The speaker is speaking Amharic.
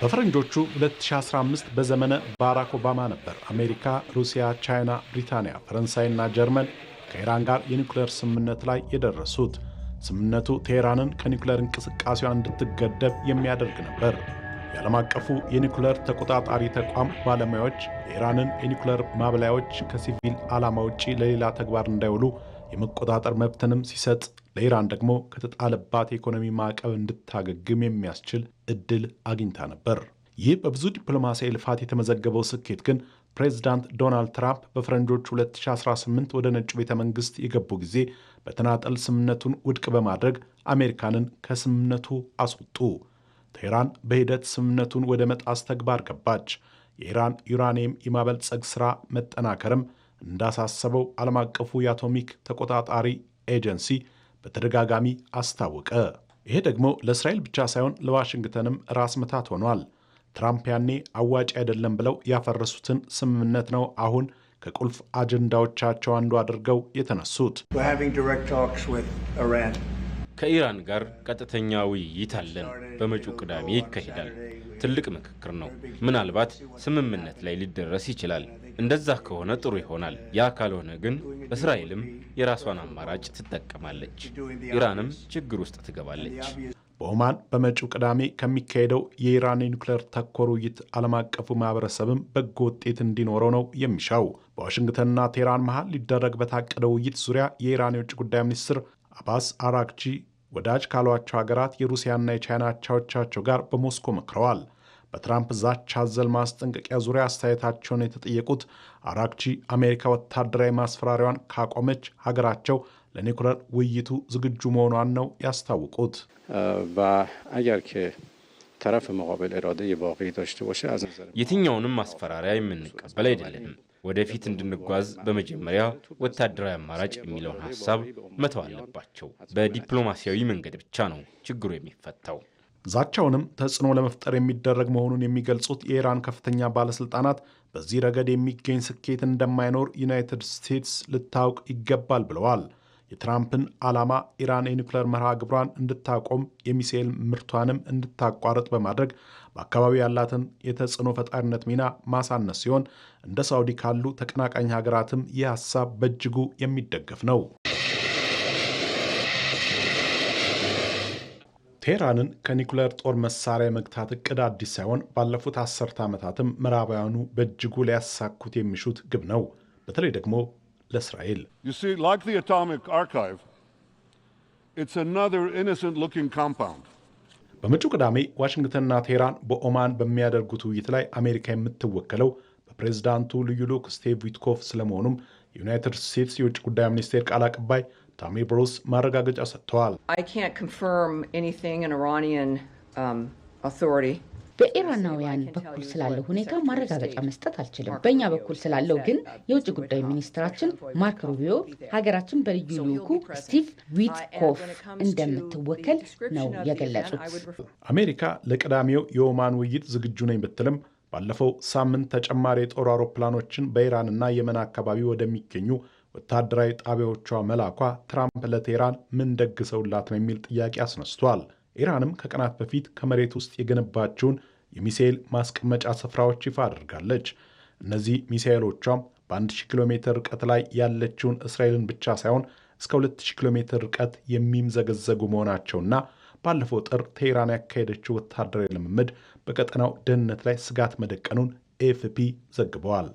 በፈረንጆቹ 2015 በዘመነ ባራክ ኦባማ ነበር አሜሪካ፣ ሩሲያ፣ ቻይና፣ ብሪታንያ፣ ፈረንሳይና ጀርመን ከኢራን ጋር የኒውክሌር ስምምነት ላይ የደረሱት። ስምምነቱ ቴህራንን ከኒውክሌር እንቅስቃሴዋ እንድትገደብ የሚያደርግ ነበር። የዓለም አቀፉ የኒውክሌር ተቆጣጣሪ ተቋም ባለሙያዎች የኢራንን የኒውክሌር ማብላያዎች ከሲቪል ዓላማ ውጪ ለሌላ ተግባር እንዳይውሉ የመቆጣጠር መብትንም ሲሰጥ ለኢራን ደግሞ ከተጣለባት የኢኮኖሚ ማዕቀብ እንድታገግም የሚያስችል እድል አግኝታ ነበር። ይህ በብዙ ዲፕሎማሲያዊ ልፋት የተመዘገበው ስኬት ግን ፕሬዚዳንት ዶናልድ ትራምፕ በፈረንጆች 2018 ወደ ነጩ ቤተ መንግሥት የገቡ ጊዜ በተናጠል ስምምነቱን ውድቅ በማድረግ አሜሪካንን ከስምምነቱ አስወጡ። ቴህራን በሂደት ስምምነቱን ወደ መጣስ ተግባር ገባች። የኢራን ዩራኒየም የማበልጸግ ሥራ መጠናከርም እንዳሳሰበው ዓለም አቀፉ የአቶሚክ ተቆጣጣሪ ኤጀንሲ በተደጋጋሚ አስታወቀ። ይሄ ደግሞ ለእስራኤል ብቻ ሳይሆን ለዋሽንግተንም ራስ ምታት ሆኗል። ትራምፕ ያኔ አዋጭ አይደለም ብለው ያፈረሱትን ስምምነት ነው አሁን ከቁልፍ አጀንዳዎቻቸው አንዱ አድርገው የተነሱት። ከኢራን ጋር ቀጥተኛ ውይይት አለን። በመጪው ቅዳሜ ይካሄዳል። ትልቅ ምክክር ነው። ምናልባት ስምምነት ላይ ሊደረስ ይችላል። እንደዛ ከሆነ ጥሩ ይሆናል። ያ ካልሆነ ግን እስራኤልም የራሷን አማራጭ ትጠቀማለች፣ ኢራንም ችግር ውስጥ ትገባለች። በኦማን በመጪው ቅዳሜ ከሚካሄደው የኢራን የኒውክሌር ተኮር ውይይት ዓለም አቀፉ ማህበረሰብም በጎ ውጤት እንዲኖረው ነው የሚሻው። በዋሽንግተንና ቴህራን መሃል ሊደረግ በታቀደው ውይይት ዙሪያ የኢራን የውጭ ጉዳይ ሚኒስትር አባስ አራክቺ ወዳጅ ካሏቸው ሀገራት የሩሲያና የቻይና አቻዎቻቸው ጋር በሞስኮ መክረዋል። በትራምፕ ዛቻ አዘል ማስጠንቀቂያ ዙሪያ አስተያየታቸውን የተጠየቁት አራክቺ አሜሪካ ወታደራዊ ማስፈራሪያዋን ካቆመች ሀገራቸው ለኒውክለር ውይይቱ ዝግጁ መሆኗን ነው ያስታውቁት። ተረፍ መቆበል የትኛውንም ማስፈራሪያ የምንቀበል አይደለንም። ወደፊት እንድንጓዝ በመጀመሪያ ወታደራዊ አማራጭ የሚለውን ሀሳብ መተው አለባቸው። በዲፕሎማሲያዊ መንገድ ብቻ ነው ችግሩ የሚፈታው። ዛቻውንም ተጽዕኖ ለመፍጠር የሚደረግ መሆኑን የሚገልጹት የኢራን ከፍተኛ ባለስልጣናት በዚህ ረገድ የሚገኝ ስኬት እንደማይኖር ዩናይትድ ስቴትስ ልታውቅ ይገባል ብለዋል። የትራምፕን ዓላማ ኢራን የኒውክሌር መርሃ ግብሯን እንድታቆም የሚሳኤል ምርቷንም እንድታቋርጥ በማድረግ በአካባቢው ያላትን የተጽዕኖ ፈጣሪነት ሚና ማሳነስ ሲሆን እንደ ሳውዲ ካሉ ተቀናቃኝ ሀገራትም ይህ ሀሳብ በእጅጉ የሚደገፍ ነው። ቴህራንን ከኒኩሌር ጦር መሳሪያ የመግታት እቅድ አዲስ ሳይሆን ባለፉት አስርተ ዓመታትም ምዕራባውያኑ በእጅጉ ሊያሳኩት የሚሹት ግብ ነው። በተለይ ደግሞ ለእስራኤል። በመጪው ቅዳሜ ዋሽንግተንና ቴህራን በኦማን በሚያደርጉት ውይይት ላይ አሜሪካ የምትወከለው በፕሬዝዳንቱ ልዩ ልኡክ ስቴቭ ዊትኮፍ ስለመሆኑም የዩናይትድ ስቴትስ የውጭ ጉዳይ ሚኒስቴር ቃል አቀባይ ታሚ ብሩስ ማረጋገጫ ሰጥተዋል። በኢራናውያን በኩል ስላለው ሁኔታ ማረጋገጫ መስጠት አልችልም። በእኛ በኩል ስላለው ግን የውጭ ጉዳይ ሚኒስትራችን ማርክ ሩቢዮ ሀገራችን በልዩ ልዑኩ ስቲቭ ዊትኮፍ እንደምትወከል ነው የገለጹት። አሜሪካ ለቅዳሜው የኦማን ውይይት ዝግጁ ነኝ ብትልም ባለፈው ሳምንት ተጨማሪ የጦር አውሮፕላኖችን በኢራንና የመን አካባቢ ወደሚገኙ ወታደራዊ ጣቢያዎቿ መላኳ ትራምፕ ለቴህራን ምን ደግሰውላት ነው የሚል ጥያቄ አስነስቷል። ኢራንም ከቀናት በፊት ከመሬት ውስጥ የገነባቸውን የሚሳኤል ማስቀመጫ ስፍራዎች ይፋ አድርጋለች። እነዚህ ሚሳኤሎቿም በ1000 ኪሎ ሜትር ርቀት ላይ ያለችውን እስራኤልን ብቻ ሳይሆን እስከ 2000 ኪሎ ሜትር ርቀት የሚምዘገዘጉ መሆናቸውና ባለፈው ጥር ቴህራን ያካሄደችው ወታደራዊ ልምምድ በቀጠናው ደህንነት ላይ ስጋት መደቀኑን ኤፍፒ ዘግበዋል።